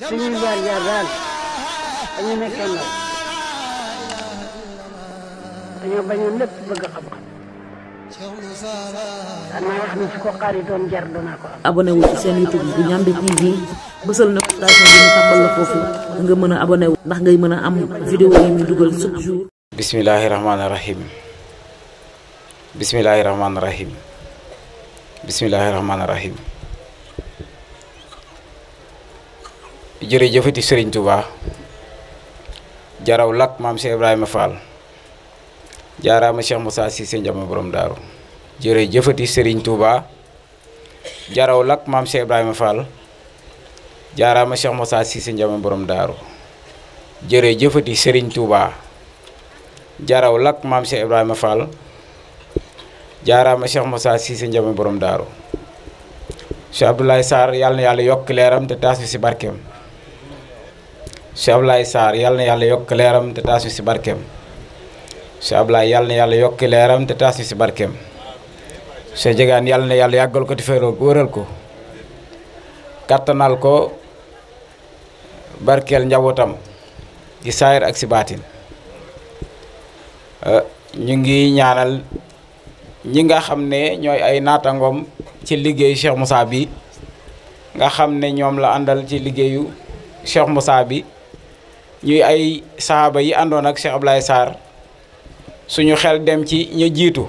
suñuy jaar-jaar daal dañu nekkee ndaw dañoo bañoon lépp bëgg xam-xam daanaka seen YouTube bu Ndiamé TV bësal na station bi ñu tàmbal la foofu nga mën a ndax ngay mën a am vidéo yi ñu dugal chaque jour. bismillahi rahmaani rahim bismillahi rahmaani rahim jërëjëfati serigne Touba jaraw lak mam Cheikh Ibrahima Fall jarama Cheikh Moussa Cissé Ndiama borom daaru jërëjëfati serigne Touba jaraw lak mam Cheikh Ibrahima Fall jarama Cheikh Moussa Cissé Ndiama borom daaru jërëjëfati serigne Touba jaraw lak mam Cheikh Ibrahima Fall jarama Cheikh Moussa Cissé Ndiama borom daru Cheikh Abdoulaye sar yàlla yalla yok leeram te taas ci barkem si isar yal ne yal yok leeram te taas si barkeem si yal na yàlla yokk leeram te taas si si Jegaan yal na yàlla yàggal ko te feeroo wëral ko Katanal ko barkel njawotam isair aksi batin. Nyingi eh, nyanal nyinga ngi ñaanal ne ñooy ay natangom ci liggéeyu Cheikh nga xam ne la andal ci liggéeyu Cheikh Moussa ñuy ay sahaba yi andon ak Cheikh Ablaye sar suñu xel dem ci ñu jitu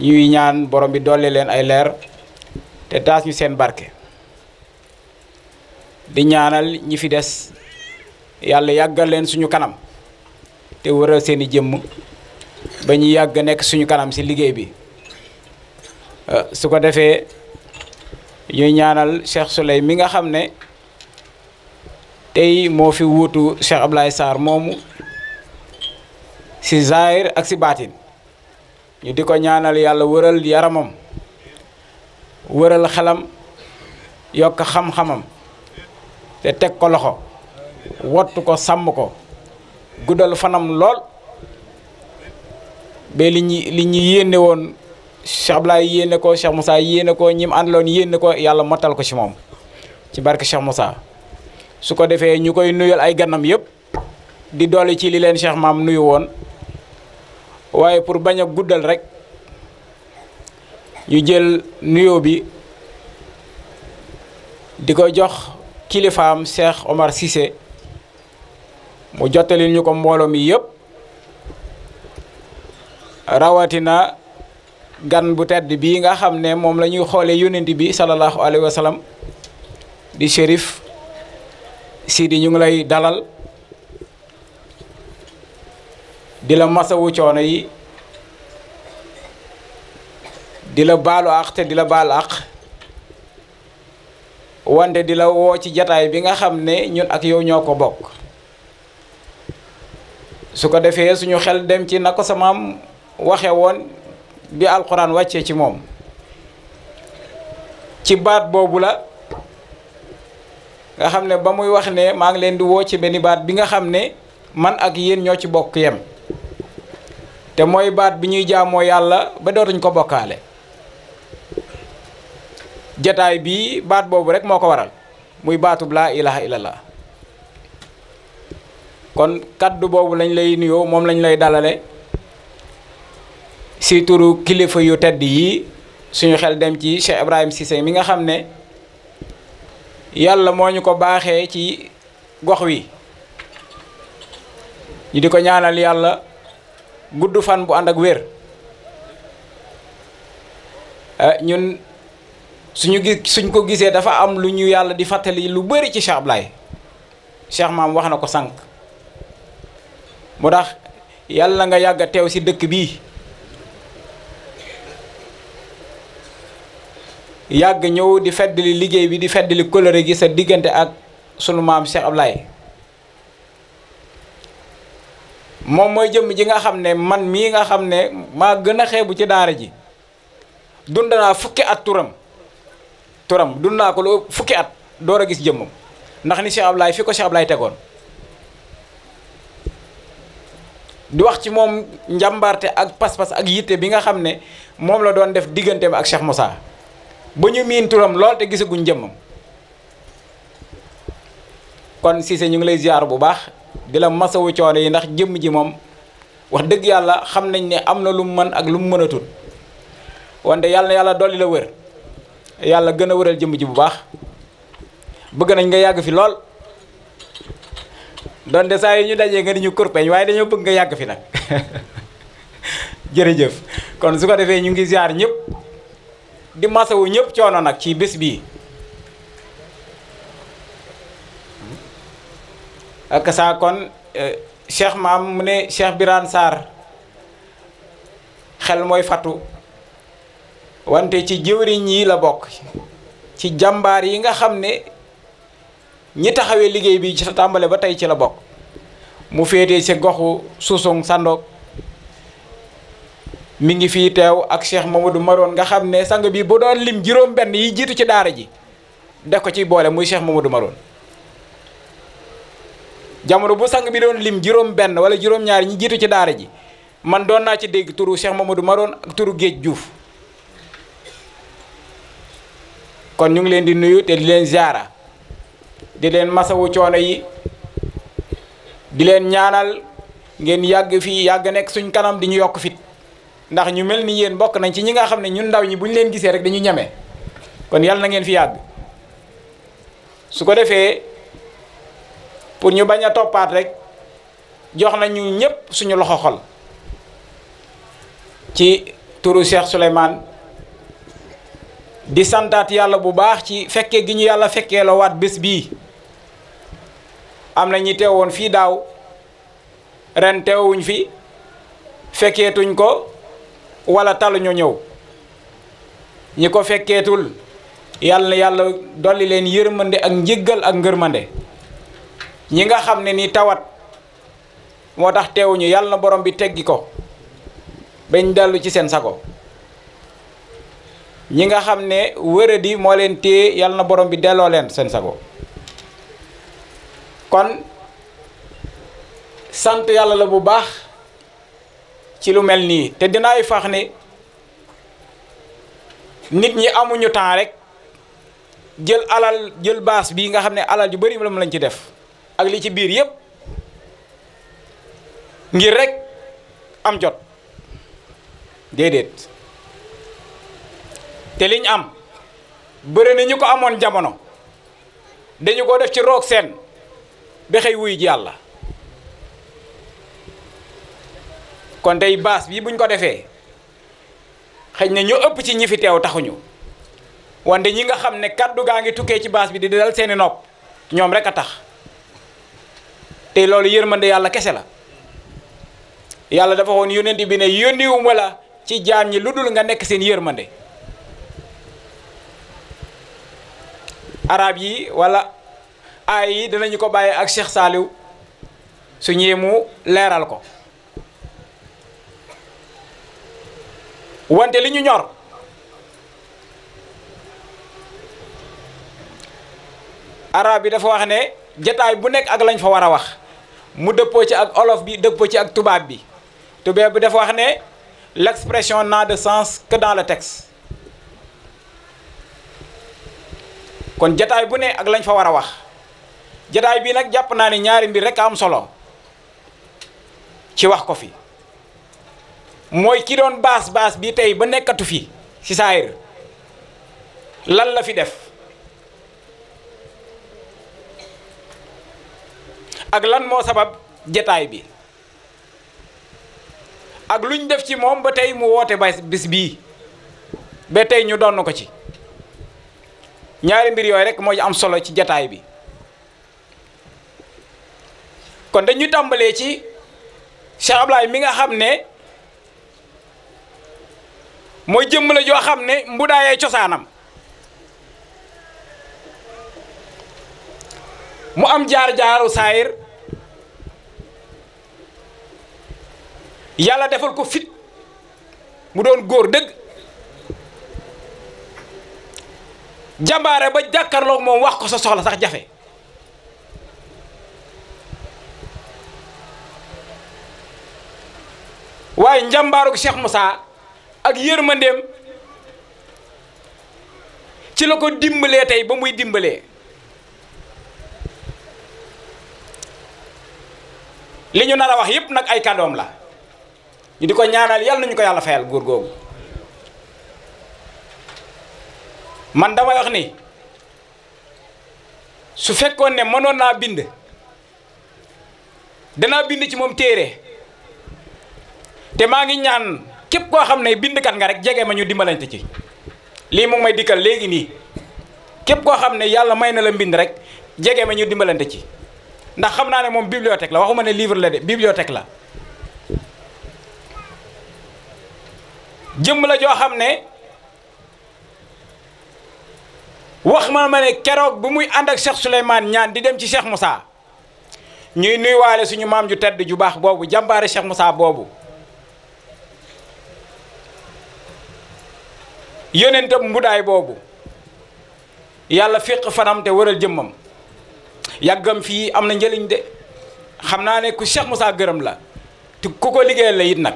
ñuy ñaan borom bi dolle len ay leer te tass ñu seen barke di ñaanal ñi fi dess yalla yagal len suñu kanam te wëral seeni jëm ba ñu yàgg nekk suñu kanam si liggéey bi su ko defee ñuy ñaanal Cheikh Souley mi nga xam tay mo fi wutu Cheikh Ablaye sar momu si zahir ak si batin ñu diko ñaanal yalla wëral yaramam wëral xalam yok xam-xamam te tek ko loxo wottu ko sam ko guddal fanam lol. be li ñu li ñu yéene won Cheikh Ablaye yéene ko Cheikh Moussa yéene ko ñim andalon àndaloon ko yalla motal ko si mom ci barke Cheikh Moussa su ko defee ñu koy nuyal ay ganam yëpp di dolli ci li leen Cheikh Maam nuyu woon waaye pour bañ guddal rek ñu jël nuyoo bi di ko jox kilifaam Cheikh Omar Cissé mu jottali ñu ko mi yëpp rawatina gan bu tedd bi nga xam ne moom la ñuy xoolee yonent bi sallallahu alayhi wa di shérif. sii di ñu ngi lay dalal di la masawu coono yi di la baalu àq te di la baal àq wante di la woo ci jataay bi nga xam ne ñun ak yow ñoo ko bokk su ko defee suñu xel dem ci na ko sa maam waxe woon bi alxuraan wàccee ci moom ci baat boobu la nga xam ne ba muy wax ne maa ngi leen di woo ci benn baat bi nga xam ne man ak yéen ñoo ci bokk yem te mooy baat bi ñuy jaamoo yàlla ba dootuñ ko bokkaale jataay bii baat boobu rek moo ko waral muy baatub laa ilaha la kon kàddu boobu lañ lay nuyoo moom lañ lay dalale si kilifa yu tedd yi suñu xel dem ci Cheikh Ibrahim Cissé mi nga xam ne yàlla moo ñu ko baaxee ci gox wi ñu di ko ñaanal yàlla gudd fan bu ànd ak wér eh, ñun suñu gis suñ ko gisee dafa am lu ñu yàlla di fàttali lu bëri ci Cheikh Ablaye maam wax na ko sànq mu tax yàlla nga yàgg a teew si dëkk bii yàgg ñëw di feddali liggéey bi di feddali kóllëre gi sa diggante ak sunu maam Cheikh Ablaye moom mooy jëmm ji nga xam ne man mii nga xam ne maa gën a xeebu ci daara ji dund naa fukki at turam turam dund naa ko lu fukki at door a gis jëmm ndax ni Cheikh Ablaye fi ko Cheikh tegoon di wax ci moom njàmbaarte ak pas-pas ak yitte bi nga xam ne moom la doon def digganteem ak Cheikh mosaa ba ñu miin turam lool te gisaguñ jëmmam kon Cissé ñu ngi lay ziar bu baax di la masawu coono yi ndax jëmm ji moom wax dëgg yàlla xam nañ ne am na lu mu mën ak lu mu mënatul wante yàlla yàlla dolli la wër yàlla gën a wëral jëmm ji bu baax bëgg nañ nga yàgg fi lool donte saa yi ñu dajee nga di ñu kurpeñ waaye dañoo bëgg nga yàgg fi nag jërëjëf kon su ko defee ñu ngi ziar ñëpp. di masawu ñëpp coono nag ci bis bii ak saa kon eh, cheikh maam mu ne cheikh Birane Sarr xel mooy fatu wante ci jëwriñ yi la bokk ci jàmbaar yi nga xam ne ñi taxawee liggéey bi ci sa tàmbali ba tey ci la bokk mu féetee si goxu suusung sandoog mi ngi fii teew ak Cheikh du Maroon nga xam ne sang bi bu doon lim juróom-benn yi jiitu ci daara ji def ko ci boole muy Cheikh du Maroon jamono bu sang bi doon lim juróom-benn wala juróom-ñaar ñi jiitu ci daara ji man doon naa ci dégg turu Cheikh du Maroon ak turu Géej Diouf kon ñu ngi leen di nuyu te di leen ziara di leen masawu coono yi di leen ñaanal ngeen yàgg fii yàgg nekk suñ kanam di ñu yokk fit ndax ñu melni yeen bok nañ ci ñi nga xamne ñun ndaw ñi buñ leen gisee rek dañu ñame kon yalla na ngeen fi yag su ko defee pour ñu baña topat rek jox ñu ñepp suñu loxo xol ci turu Cheikh souleyman di santat yalla bu baax ci fekke gi ñu yalla fekke la wat bes bi am ñi teewoon fi daw ren teewuñ fi tuñ ko wala ñu ñew ñi ko fekketul yalla yalla doli len yermande ak njegal ak ngeermande ñi nga xamne ni tawat motax tax ñu yalla borom bi teggi ko bañ dalu ci sen sago ñi nga xamne ne wëradi moo leen téye borom bi delo len sen sago kon sante yalla la bu baax ci lu mel nii te dinay fax ne nit ñi amuñu temps rek jël alal jël baas bii nga xam ne alal ju bëri moom lañ ci def ak li ci biir yépp ngir rek am jot déedéet te liñ am bëri na ñu ko amoon jamono dañu ko def ci roog seen ba xëy yàlla kon tey baas bii buñ ko defee xëy na ñu ëpp ci ñi fi teew taxuñu wante ñi nga xam ne kàddu gaa ngi tukkee ci baas bi di dal seeni nopp ñoom rek a tax te loolu yërmande yàlla kese la yàlla dafa woon yónent bi ne yónniwuma la ci jaam ñi lu dul nga nekk seen yërmande arab yi wala aay yi danañu ko bàyyi ak Cheikh saaliw su ñëwee mu leeral ko wante li ñu ñor arab bi dafa wax ne jataay bu nekk ak lañ fa war a wax mu dëppoo ci ak olof bi dëppoo ci ak tubaab bi tubaab bi dafa wax ne l'expression n'a de sens que dans la texte kon jataay bu ne ak lañ fa war a wax jataay bii nag jàpp naa ne ñaari mbir rekk am solo ci wax ko fi mooy ki doon baas baas bi tey ba nekkatu fi ci saayir lan la fi def ak lan moo sabab jataay bi ak luñ def ci moom ba tey mu woote bas bis bii ba tey ñu donn ko ci ñaari mbir yooyu rek moo am solo ci jataay bi kon dañu tàmbalee ci Cheikh mi nga xam ne mooy jëmm la joo xam ne mbudaayay cosaanam mu am jaar-jaaru saayir yàlla defal ko fit mu doon góor dëgg jàmbaare ba jàkkarloog moom wax ko sa soxla sax jafe waaye njàmbaarug Cheikh Moussa ak yërmandeem ci la ko dimbalee tey ba muy dimbalee li ñu nar a wax yépp nag ay kàddoom la ñu di ko ñaanal yàlla nañu ko yàlla fayal góor googu man dama wax ni su fekkoon ne mënoon naa bind danaa bind ci moom téere te maa ngi ñaan képp koo xam ne bindkat nga rek jege ma ñu dimbalante ci lii moom may dikkal léegi nii képp koo xam ne yàlla may na la mbind rek jege ma ñu dimbalante ci ndax xam naa ne moom bibliothèque la waxuma ne livre la de bibliothèque la jëmm la joo xam ne wax ma ma ne keroog bu muy ànd ak Cheikh Souleymane ñaan di dem ci Cheikh Moussa ñuy nuyuwaale suñu maam ju tedd ju baax boobu jàmbaare Cheikh Moussa boobu yonentam mbutaay boobu yàlla féq fanam te waral jëmmam yàggam fii am na njëriñ de xam naa ne ku Cheikh Moussa gërëm la te ku ko liggéeyal la it nag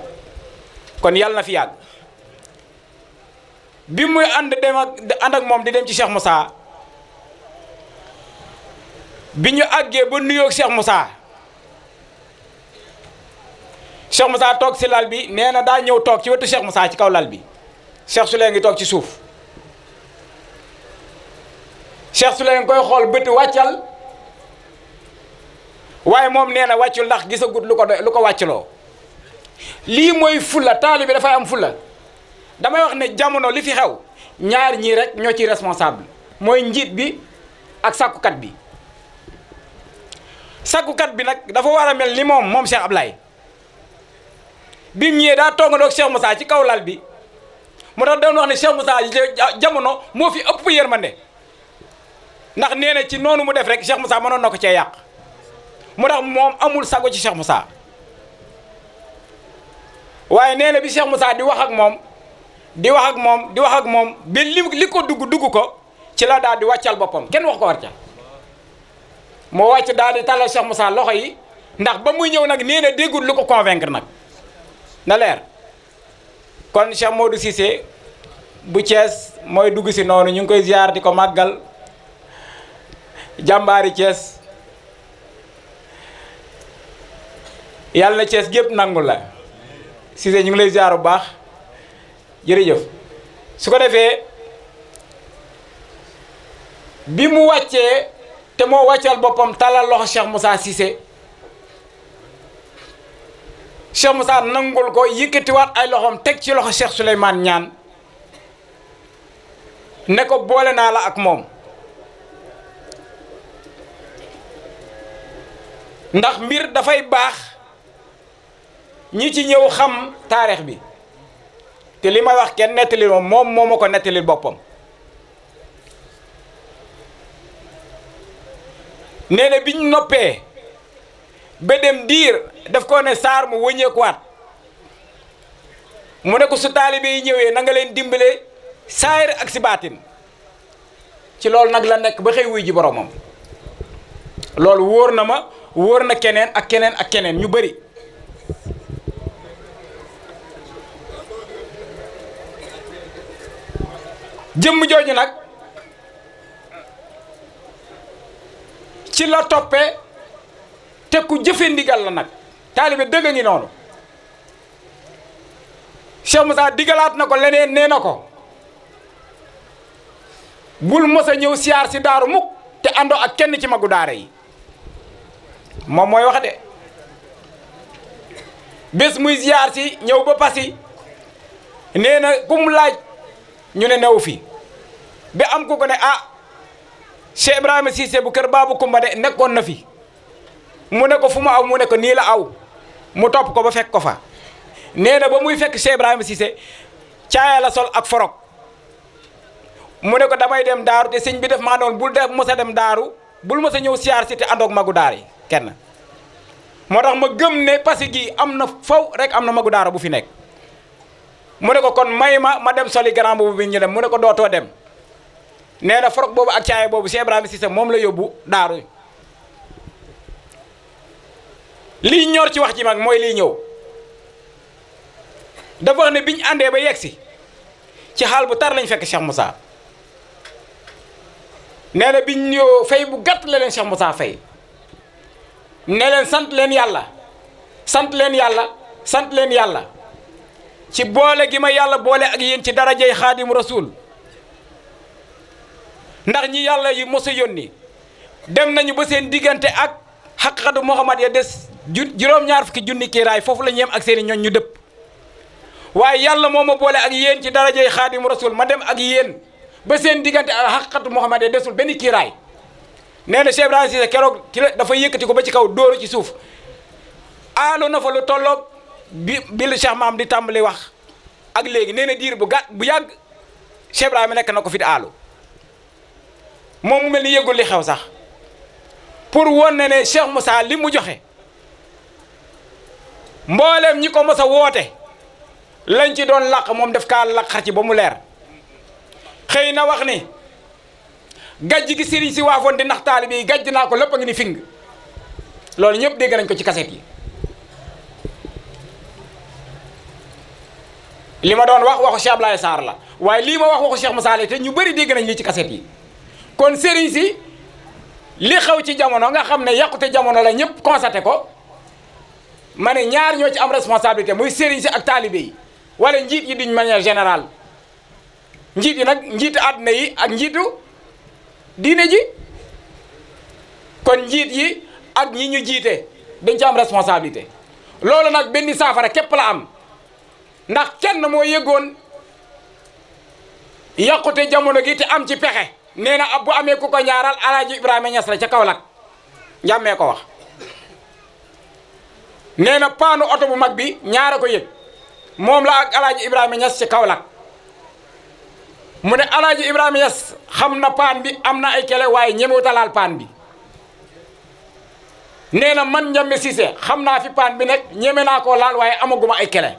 kon yàlla na fi yàgg bi muy ànd dem ak ànd ak moom di dem ci Cheikh Moussa bi ñu àggee ba nuyoog Cheikh Moussa Cheikh Moussa toog si lal bi nee na daa ñëw toog ci wetu Cheikh Moussa ci kaw lal bi. Cheikh Souleye ngi toog ci suuf Cheikh Souleye ngi koy xool bët wàccal waaye moom nee na wàccul ndax gisagut lu ko lu ko wàccaloo lii mooy fulla bi dafay am fulla damay wax ne jamono li fi xew ñaar ñii rek ñoo ci responsable mooy njiit bi ak sàkkukat bi sàkkukat bi nag dafa war a mel ni moom moom Cheikh Ablaye bi mu ñëwee daa toogandoog Cheikh Moussa ci kaw lal bi moo tax doon wax ne Cheikh Moussa jamono moo fi ma yërmande ndax nee na ci noonu mu def rek Cheikh Moussa mënoon na ko cee yàq moo tax moom amul sago ci mu saa waaye nee na bi mu saa di wax ak moom di wax ak moom di wax ak moom ba li li ko dugg dugg ko ci la daal di wàccal boppam kenn wax ko war ca moo wàcc daal di tàllal mu saa loxo yi ndax ba muy ñëw nag nee na déggul lu ko convaincre nag na leer. kon Cheikh Modou Cissé bu Thiès mooy dugg si noonu ñu ngi koy ziar di ko màggal jàmbaari Thiès yàlla na Thiès gépp nangu la Cissé ñu ngi lay ziar bu baax jërëjëf su ko defee bi mu wàccee te moo wàccal boppam talal loxo Cheikh Moussa Cissé Cheikh Moussa nangul ko yëkkatiwaat ay loxoom teg ci loxo Cheikh Souleymane ñaan ne ko boole naa la ak moom ndax mbir dafay baax ñi ci ñëw xam taarix bi te li may wax kenn nettali moom moom moo ma ko nettali boppam neena na biñ noppee ba dem diir daf ko ne saar mu wëññeekuwaat mu ne ko su taalibe yi ñëwee na leen dimbale saayir ak si baatin ci loolu nag la nekk ba xëy wuy ji boromam loolu wóor na ma wóor na keneen ak keneen ak keneen ñu bari jëmm jooju nag ci la toppe te ku jëfe ndigal la nag taalibe dëgg ngi noonu Cheikh Moussa digalaat na ko leneen nee na ko bul mos ñëw siyaar si daaru mukk te àndoo ak kenn ci magu daara yi moom mooy wax de bés muy siyaar si ñëw ba pasi nee na ku laaj ñu ne newu fi ba am ku ko ne a ah, Cheikh Ibrahima Cissé bu kër Babou Koumba de nekkoon na fi mu ne ko fu ma aw mu ne nii la aw mu topp ko ba fekk ko fa nee na ba muy fekk Cheikh Ibrahima Cissé caaya la sol ak forog mu ne damay dem daaru te sëñ bi def maa doon bul def mos a dem daaru bul mos a ñëw siyaar si te àndoog magu daar yi kenn moo tax ma gëm ne pasi gi am na faw rek am na magu daara bu fi nekk mu ne ko kon may ma ma dem soli grand boobu bi ñu dem mu ne ko dootoo dem nee na forog boobu ak caaya boobu Cheikh Ibrahima Cissé moom la yóbbu daaru lii ñor ci wax ji mag mooy lii ñëw dafa wax ne biñ àndee ba yegsi ci xaal bu tar lañ fekk Cheikh Moussa nee na biñ ñëw fay bu gàtt la leen Cheikh Moussa fay ne sant leen yàlla sant leen yàlla sant leen yàlla ci boole gi ma yàlla boole ak yéen ci darajay xaadim rasul ndax ñi yàlla yu mos a yónni dem nañu ba seen diggante ak xaqadu Muhammad ya des ju juróom-ñaar fukki junni kiiraay foofu la ñu ak seen i ñu dëpp waaye yàlla moo ma boole ak yéen ci darajey xaadim rasul ma dem ak yéen ba seen diggante xaqatu Muhammad yi desul benn kiiraay nee na Cheikh keroog ci la dafa yëkkati ko ba ci kaw dóoru ci suuf aalu na fa lu tolloog bi bi la maam di tàmbali wax ak léegi nee na diir bu gàtt bu yàgg Cheikh ma nekk na ko fi di aalu moom mu mel ni yëgul li xew sax pour woon na ne Cheikh Moussa li mu joxe. mboolem ñi ko mos woote lañ ci doon làq moom def kaa làqar ci ba mu leer xëy na wax ni gàjj gi sëriñ si waafoon di nax taalibe yi gàjj naa ko lépp a ngi ni fing loolu ñëpp dégg nañ ko ci kaset yi li ma doon wax waxu Cheikh Ablaye Sarr la waaye lii ma wax waxu Cheikh Moussa Laye te ñu bëri dégg nañ lii ci kaset yi kon sëriñ si li xew ci jamono nga xam ne yàqute jamono la ñëpp constaté ko ma ne ñaar ñoo ci am responsabilité muy sëriñ si ak taalibe yi wala njiit yi d'une manière général njiit yi nag njiit àdduna yi ak njiitu diine ji kon njiit yi ak ñi ñu jiite dañ ci am responsabilité loolu nag benn saafara képp la am ndax kenn moo yëgoon yàqute jamono gi te am ci pexe nee na ab bu amee ku ko ñaaral alaaji Ibrahima Ñas la ca Kaolack njàmmee ko wax nee na paanu oto bu mag bi ñaara ko yëg moom la ak alaaji Ibrahima Niass ci Kaolack mu ne alaaji Ibrahima Niass xam na paan bi am na ay kele waaye ñemewut paan bi nee na man Ndiamé Cissé xam naa fi paan bi nekk ñeme naa ko laal waaye amaguma ay kele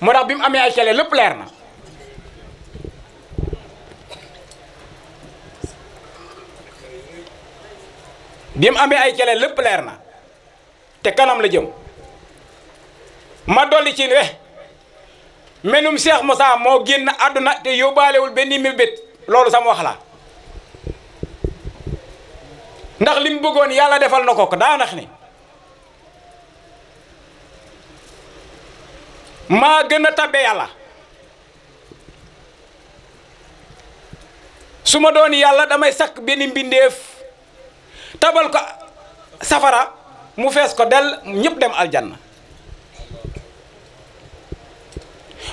moo bi mu amee ay kele lépp leer na bi mu ay kele lépp leer na te kanam la jëm ma dolli ci ne menum Cheikh Moussa moo génn àdduna te yóbbaalewul benn mébét loolu sama wax la ndax li mu bëggoon yàlla defal na ko ko daanax ni maa gën a tabbe yàlla su ma doon yàlla damay sakk benn mbindeef tabal ko safara mu fees ko del ñëpp dem aljanna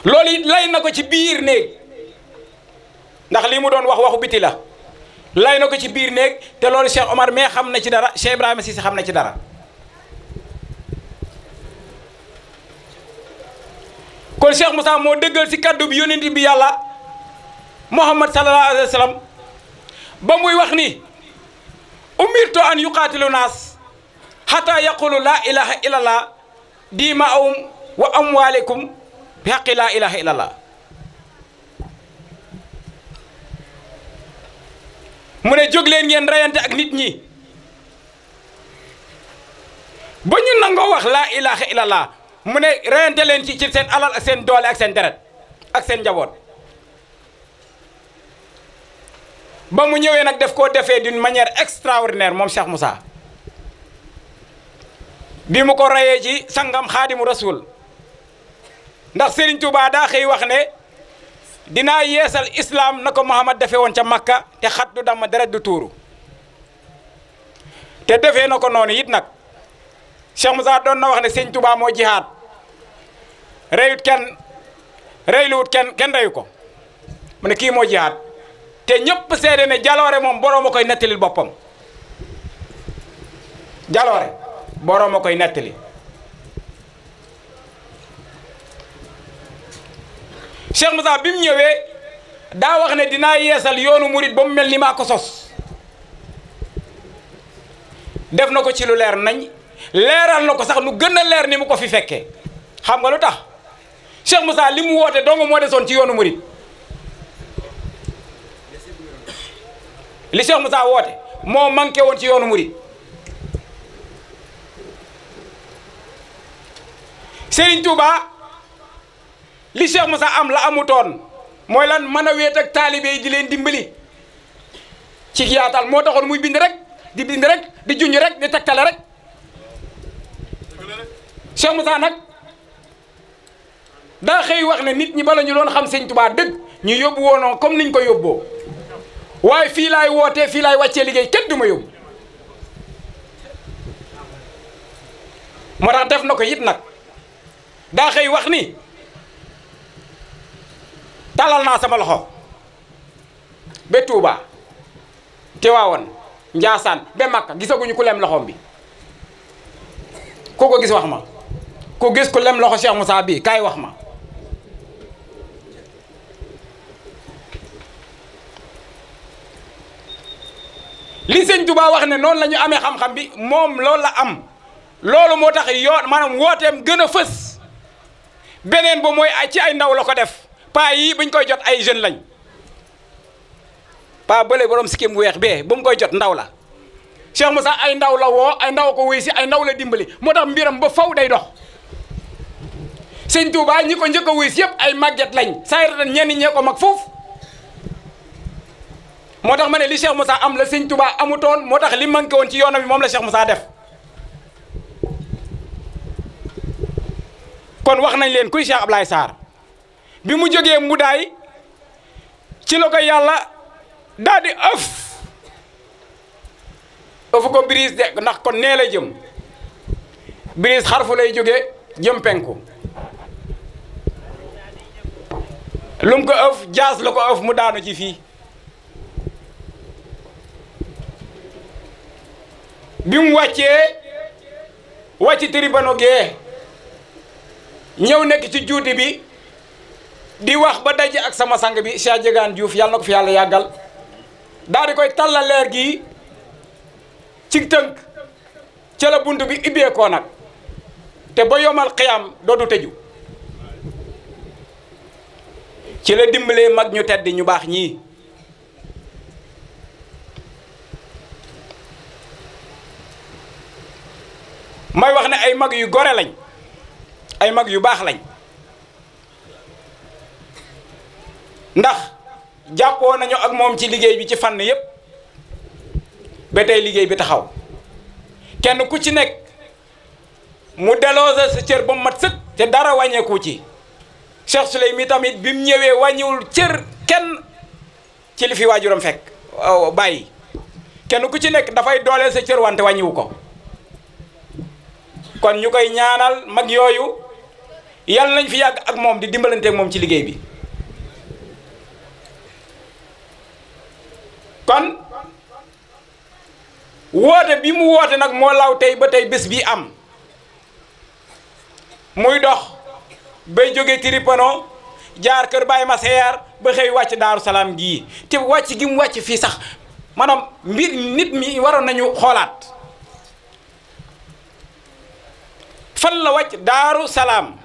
loolu it lay na ko ci biir néeg ndax lii mu doon wax waxu biti la lay na ko ci biir néeg te loolu Cheikh Omar mais xam na ci dara Cheikh Ibrahima Cissé xam na ci dara kon Cheikh Moussa moo dëggal ci kaddu bi yónent bi yàlla Muhammad sallallahu alayhi wa sallam ba muy wax ni umirtu an yuqaatilu naas xataa yaqulu laa ilaha illallah diimaahum wa amwaalikum bi xaqi laa ilaha illallah mu ne jóg leen ngeen reyante ak nit ñi ba ñu nangoo wax laa ilaha illallah mu ne reyante leen ci ci seen alal ak seen doole ak seen deret ak seen njaboot ba mu ñëwee nag def koo defee d'une manière extraordinaire moom Cheikh Moussa bi mu ko reyee ci sangam xaadimu rasul ndax Serigne Touba daa xëy wax ne dinaa yeesal islaam na ko Muhammad defe woon ca Makka te xat du damm deret du tuuru te defe na ko noonu it nag Cheikh Moussa doon na wax ne Serigne Touba moo jihaad reyut kenn reyluwut kenn kenn reyu ko mu ne kii moo jihaad te ñëpp seede ne jaloore moom boroom a koy nettalil boppam jaloore boroom koy nettali Cheikh Moussa bi mu ñëwee daa wax ne dinaa yeesal yoonu murit ba mu mel ni maa ko sos def na ko ci lu leer nañ leeral na ko sax lu gën a leer ni mu ko fi fekkee xam nga lu tax Cheikh Moussa li mu woote dong moo desoon ci yoonu murit li Cheikh Moussa woote moo manqué woon ci yoonu murit Serigne Touba. li Cheikh Moussa am la amutoon mooy lan mën a weet ak taalibe yi di leen dimbali ci yaatal moo taxoon muy bind rek di bind rek di junj rek di tegtale rek Cheikh Moussa nag daa xëy wax ne nit ñi bala ñu doon xam sëñ Tuubaa dëgg ñu yóbbu woonoo comme niñ ko yóbboo waaye fii laay wootee fii laay wàccee liggéey kenn du ma yóbbu moo tax def na ko it nag daa xëy wax ni talal naa sama loxo ba te Tiwaawan Njaasaan ba Makka gisaguñu ku lem loxoom bi ku ko gis wax ma ku gis ku lem loxo mu saa bii kaay wax ma li sëñ Touba wax ne noonu lañu amee xam-xam bi moom loolu la am loolu moo tax yoon maanaam wooteem gën a fës beneen ba mooy ci ay ndaw la ko def paa yi buñ koy jot ay jeunes lañ paa bële borom sikkim bu weex bee ba mu koy jot ndaw la Cheikh Moussa ay ndaw la woo ay ndaw ko wuy si ay ndaw la dimbali moo tax mbiram ba faw day dox sëñ Touba ñi ko njëkk a wuy si yëpp ay màgget lañ saa yëratan ñenn ñee ko mag foofu moo tax ma ne li Cheikh Moussa am la sëñ Touba amutoon moo tax li manqué woon ci yoonam bi moom la Cheikh Moussa def kon wax nañ leen kuy Cheikh Ablaye Sarr bi mu jógee mbudaay ci la ko yàlla daal di ëf ëfu ko brise de ndax kon nee jëm brise xarfu lay jógee jëm penku lum ko ëf jaas la ko ëf mu daanu ci fii bi mu wàccee wàcc tribano gee ñëw nekk ci juuti bi di wax ba daje ak sama sang bi Cheikh Diegane Diouf yàlla na ko fi yàlla yàggal daal di koy tàllaleer gi ci tënk ca la bunt bi ubbeekoo nag te ba yomal xiyam dootu tëju ci la dimbalee mag ñu tedd ñu baax ñii may wax ne ay mag yu gore lañ ay mag yu baax lañ ndax jàppoo nañu ak moom ci liggéey bi ci fànn yépp ba tey liggéey bi taxaw kenn ku ci nekk mu delloose sa cër ba mu mat sëkk te dara wàññeeku ci Cheikh Souley mi tamit bi mu ñëwee wàññiwul cër kenn ci li fi waajuram fekk bàyyi kenn ku ci nekk dafay dooleel sa cër wante wàññiwu ko kon ñu koy ñaanal mag yooyu yàlla nañ fi yàgg ak moom di dimbalante moom ci liggéey bi kon wote bi mu wote nak mo law tay ba tay bes bi am muy dox bay joge Tripano jaar bay ma Masseer ba xey wacc daru salam gi te wacc gi mu wacc fi sax manam mbir nit mi waro nañu xolaat fan la wacc daru salam,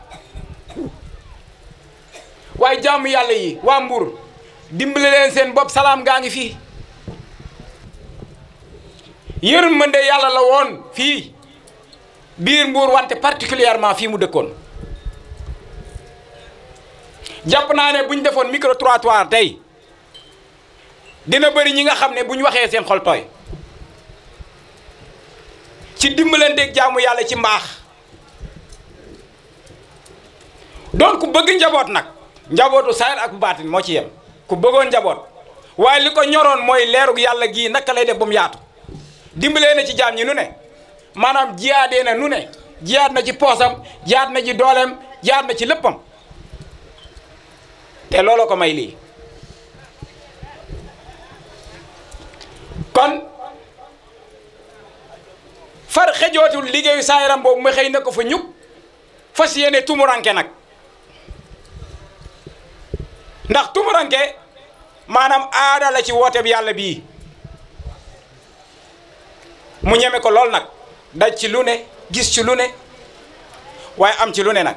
way jamu yalla yi wa mbur dimbale leen seen yërmande yàlla la woon fii biir mbuur wante particulièrement fii mu dëkkoon jàpp naa ne bu ñu defoon micro trottoir tey dina bëri ñi nga xam ne bu ñu waxee seen xol tooy ci dimbalanteeg jaamu yàlla ci mbaax donc ku bëgg njaboot nag njabootu saayir ak bu baatin moo ci yem ku bëggoon njaboot waaye li ko ñoroon mooy leerug yàlla gii naka lay def ba mu yaatu dimbalee na ci jaam ñi nu ne maanaam jiyaadee na nu ne jiyaat na ci poosam jiyaat na ci dooleem jiyaat na ci léppam te looloo ko may lii kon far xejootul liggéeyu saa boobu ma xëy na ko fa ñug fas yéene tumuranke nag ndax tumuranke maanaam aada ci wooteeb yàlla bii mu ñeme ko lool nag daj ci lu ne gis ci lu ne waaye am ci lu ne nag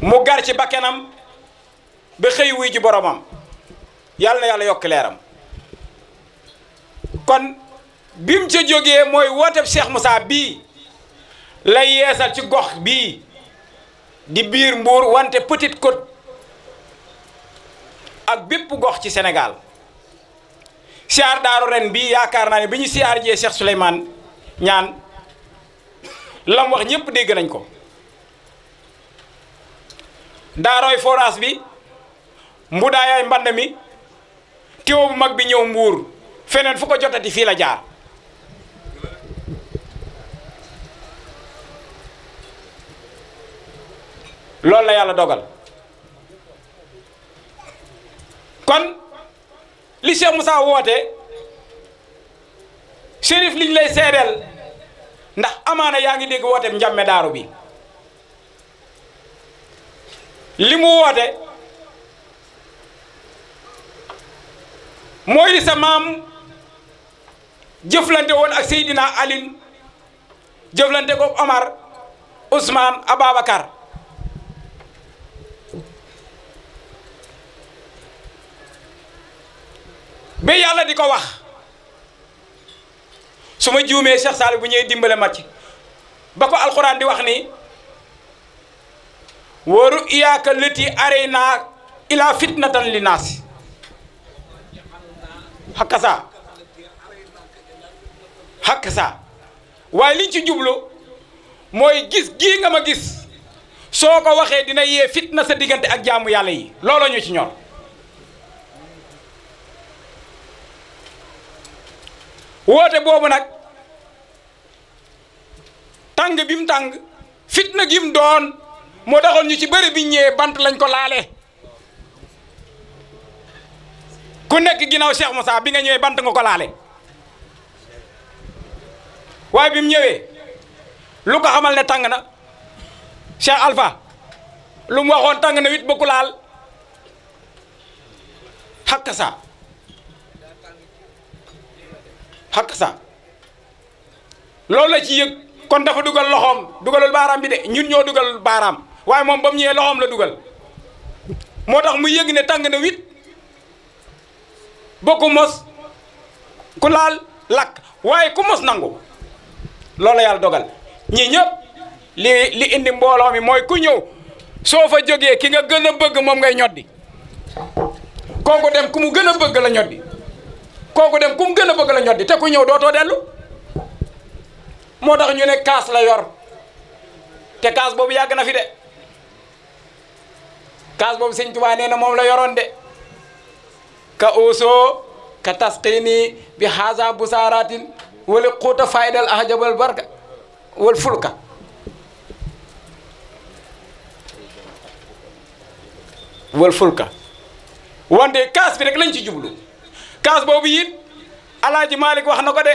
mu gar ci bakkanam ba xëy wuy ji boromam yàlla na yàlla yokk leeram kon bi mu ca mooy woote Cheikh Moussa bii la yeesal ci gox bii di biir Mbour wante Petite Côte ak bépp gox ci senegal Siar daro ren bi yaakar naa ne bi ñu siyaar Cheikh souleyman ñaan lam wax ñepp dégg nañ ko daarooy forage bi mbudaayaay mband mi bu mag bi ñew mbur fenen fu ko jotati fi la jaar la yalla dogal kon li Cheikh Moussa woote shérif liñ lay seedeel ndax amaana yaa ngi dégg woote njàmme daaru bi li mu woote mooy li sa maam jëflante woon ak Seydina Aline jëflante ko Omar Ousmane Ababacar ba yalla di wax suma ma Cheikh Sall bu ñëwee dimbalé ma ci di wax ni waru iyaka lati arayna ila fitnatan linas Hakasa. hakasa way waaye liñ ci jublu moy gis gi nga ma gis soko waxe dina ye fitna sa digante ak jaamu yalla yi lolo ñu ci ñor woote boobu nag tàng bi mu tàng fitna gi mu doon moo taxoon ñu ci bëri bi ñëwee bant lañ ko laale ku nekk ginnaaw Cheikh Moussa bi nga ñëwee bant nga ko laale waaye bim mu ñëwee lu ko xamal ne tàng na Cheikh Alpha lu mu tàng na wit ba ku laal xakk sa xakk sa loolu la ci yëg kon dafa dugal loxoom dugalul baaraam bi de ñun ñoo dugal baaraam waaye moom ba mu ñëwee loxoom la dugal moo tax mu yëg ne tàng na wit bokku mos ku laal lakk waaye ku mos nangu loola yàlla dogal ñii ñëpp li li indi mbooloo mi mooy ku ñëw soo fa jógee ki nga gën bëgg moom ngay ñoddi kooku dem ku mu gën a bëgg la ñoddi kooku dem ku mu gën a bëgg la ñoddi te ku ñëw dootoo dellu moo tax ñu ne kaas la yor te kaas boobu yàgg na fi de kaas boobu sëñ Tuubaa na moom la yoroon de ka oosoo ka tasqini bi xaasa busaaratin wala xuuta faydal ahjabal barka wal fulka wal fulka wante kaas bi rek lañ ci jublu kaas boobu it alaaji Malick wax na ko de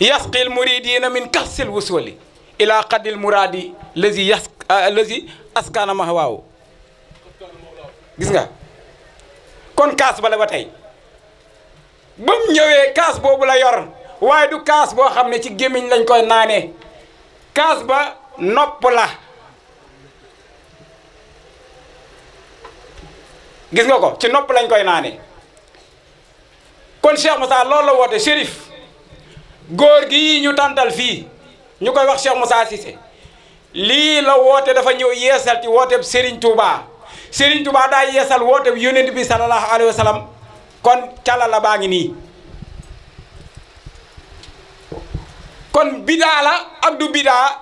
yasqil muridina min kasil wusuli ila qadil muradi lazi yas lazi askana ma waaw gis nga kon kaas ba la ba tey ba mu ñëwee kaas boobu la yor waaye du kaas boo xam ne ci gémmiñ lañ koy naanee kaas ba nopp la gis nga ko ci nopp lañ koy naane kon Cheikh Moussa loolu la woote shérif góor gi ñu tàntal fii ñu koy wax Cheikh Moussa Cissé lii la woote dafa ñëw yeesal ci wooteeb Serigne Touba Serigne Touba daa yeesal wooteeb yonent bi sallallahu alayhi wa sallam kon calala baa ngi nii kon bidaa la ak du bidaa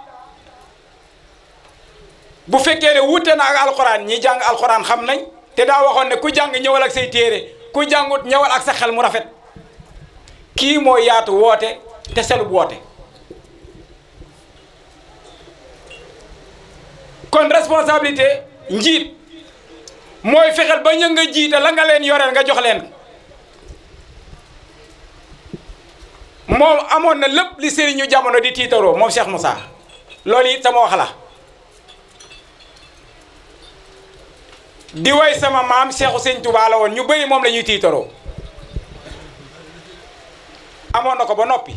bu fekkee ne wuute na ak alxuraan ñi jàng alxuraan xam nañ te daa waxoon ne ku jàng ñëwal ak say téere ku jàngut ñëwal ak sa xel mu rafet kii moo yaatu woote te selub woote kon responsabilité njiit mooy fexel ba ñë nga jiite la nga leen yoreel nga jox leen moom amoon na lépp li sëriñu jamono di tiitaroo moom Cheikh Moussa loolu it sama wax la di way sama maam seexu sëñ Tuubaa woon ñu bëri moom la ñuy tiitaroo amoon na ko ba noppi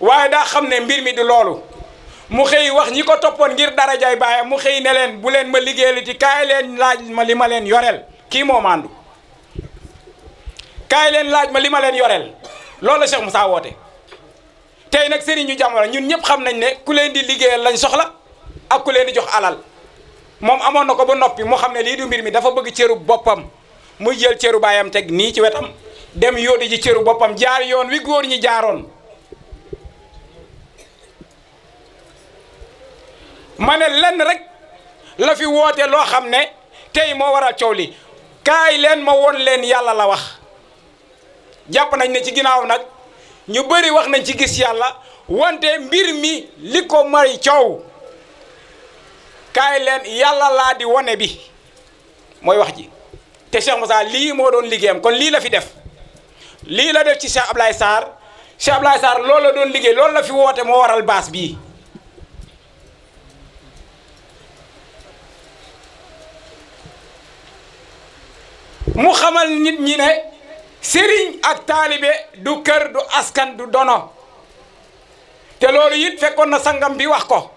waaye daa xam ne mbir mi du loolu mu xëy wax ñi ko toppoon ngir darajaay baayam mu xëy ne leen bu leen ma liggéeyal ci kaay leen laaj ma li ma leen yoreel kii moo maandu kaay leen laaj ma li ma leen yoreel loolu la mu saa woote tey nag sëriñ ñu jamono ñun ñëpp xam nañ ne ku leen di liggéeyal lañ soxla ak ku leen di jox alal moom amoon na ko ba noppi moo xam ne lii du mbir mi dafa bëgg cëru boppam muy jël cëru baayam teg nii ci wetam dem yóodi ji cëru boppam jaar yoon wi góor ñi jaaroon ma ne lenn rek la fi woote loo xam ne tey moo waral coow li kaay leen ma woon leen yàlla la wax jàpp nañ ne ci ginnaaw nag ñu bari wax nañ ci gis yàlla wante mbir mi li ko may coow kaylen yàlla la di woné bi moy wax ji te Cheikh Moussa li mo doon liggéeyam kon li la fi def li la def ci Cheikh Ablaye sar Cheikh Ablaye sar lool la doon liggéey lool la fi woté mo waral baas bi mu xamal nit ñi ne serigne ak talibé du kër du askan du dono te loolu it fekkon na sangam bi wax ko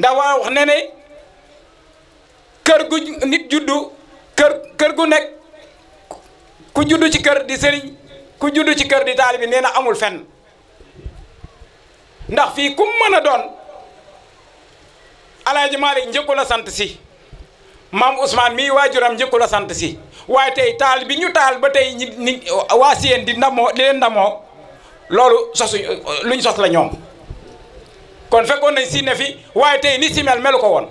ndax wax ne kër gu nit juddu kër kër gu nekk ku juddu ci kër di sëriñ ku juddu ci kër di taalibi nee na amul fenn ndax fii kum mën a doon alaaji Maalik njëkku la sant si maam Ousmane mii waajuram njëkku la sant si waaye tey taal bi ñu taal ba tey ñi waa Siyeen di di leen loolu sosuñ luñ sos la ñoom kon fekkoon nañ si ne fi waaye tey ni si mel melu ko woon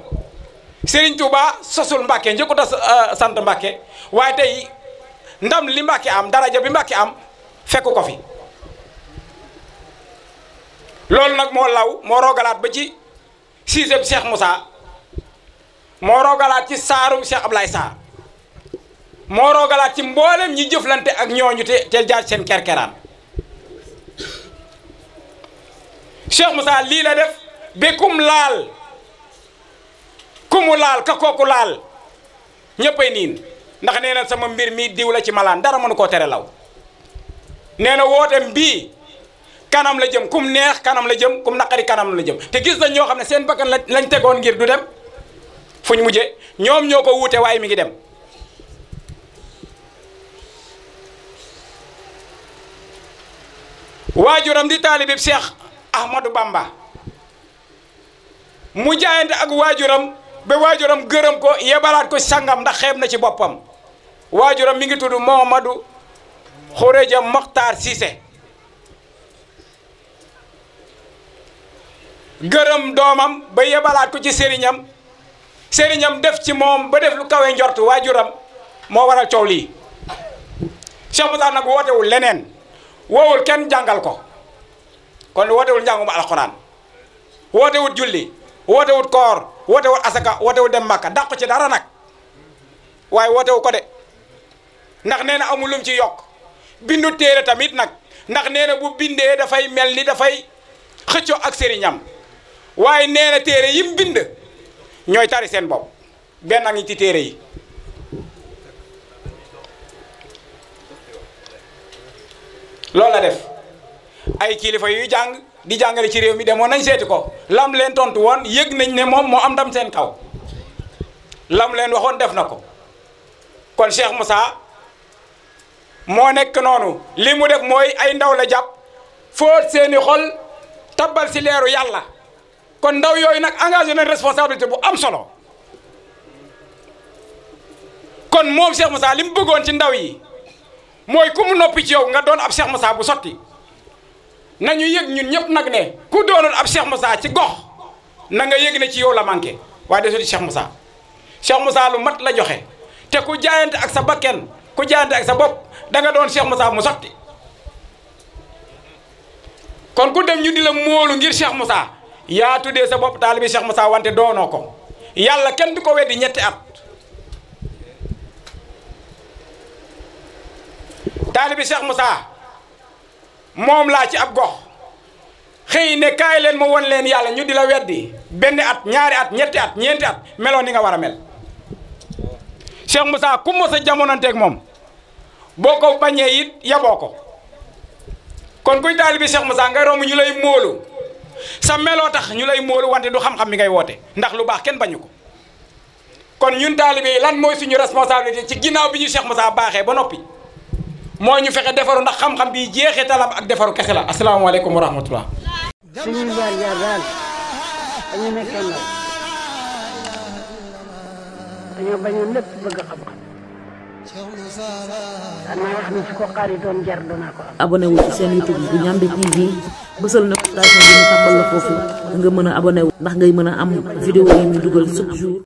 Serigne Touba sosul Mbacke njëkkut a euh, sant Mbacke waaye tey ndam li Mbacke am daraja bi Mbacke am fekk ko fi loolu nag moo law moo rogalaat ba ci sixième Cheikh Moussa moo rogalaat ci saarum Cheikh Ablaye Sarr moo rogalaat ci mboolem ñi jëflante ak ñooñu te te jaar seen kerkeraan Cheikh Moussa lii la def bi kum laal kumu laal ka kooku laal ñëppay niin ndax nee na sama mbir mii diw la ci malaan dara mënu koo tere law nee na wootem bii kanam la jëm kum neex kanam la jëm kum naqari kanam la jëm te gis nañ ñoo xam ne seen bakkan lañ tegoon ngir du dem fu ñu mujje ñoom ñoo ko wuute waaye mi ngi dem waajuram di taalibe Cheikh Ahmadou bàmba mu jaayante ak waajuram ba waajuram gërëm ko yebalaat ko sangam ndax xeeb na ci boppam waajuram mi ngi tudd Mohamadou Khoureja Mokhtar Cissé gërëm doomam ba yebalaat ko ci sëriñam sëriñam def ci moom ba def lu kawe njortu waajuram moo waral coow lii Cheikh Moussa nag wootewul leneen woowul kenn jàngal ko kon wootewul njàngum alxuraan wootewut julli wootewut koor wootewut asaka wootewut dem makka dàq ci dara nag waaye wootewu ko de ndax nee na amul lum ci yokk bindu téere tamit nag ndax nee bu bindee dafay mel ni dafay xëccoo ak sëriñam waaye nee téere yim bind ñooy tari seen bopp benn a ngi ci téere yi loolu la def ay kilifa yuy jàng di jàngale ci réew mi demoon nañ seeti ko lam leen tontu woon yëg nañ ne moom moo am dam seen kaw lam leen waxoon def na ko kon Cheikh Moussa moo nekk noonu li mu def mooy ay ndaw la jàpp foo seeni xol tabal si leeru yàlla kon ndaw yooyu nag engagé nañ responsabilité bu am solo kon moom Cheikh Moussa li mu bëggoon ci ndaw yi mooy ku mu noppi ci yow nga doon ab Cheikh Moussa bu sotti na nañu yëg ñun ñëpp nag ne ku doonoon ab Cheikh Moussa ci gox na nga yëg ne ci yow la manqué waaye desul ci musa Moussa Cheikh Moussa lu mat la joxe te ku jaayante ak sa bakken ku jaayante ak sa bopp da nga doon Cheikh Moussa mu sotti kon ku dem ñu di la móolu ngir Cheikh Moussa yaa tuddee sa bopp taalibi Cheikh Moussa wante doonoo ko yàlla kenn du ko weddi ñetti at taalibi Cheikh Moussa. moom laa ci ab gox xëy ne kaay leen ma won leen yàlla ñu di la weddi benn at ñaari at ñetti at ñeenti at meloo ni nga war a mel Cheikh Moussa ku mos a jamonanteeg moom boo ko bañee it yaboo ko kon kuy taalibi Cheikh Moussa ngay romb ñu lay móolu sa meloo tax ñu lay móolu wante du xam-xam bi ngay woote ndax lu baax kenn bañu ko kon ñun taalibe yi lan mooy suñu responsabilité ci ginnaaw bi ñu Cheikh Moussa baaxee ba noppi mooy ñu fexe defaru ndax xam-xam bi jeexitalam ak defaru kese la asalaamaaleykum wa rahmatullah suñuy jaar jaar daal dañu nekkee ndaw dañoo su ko xaari doon seen YouTube bu Ndiamé TV bësal notification bi ñu tàmbal nga mën a abonné ndax ngay mën a am vidéo yi ñu dugal chaque jour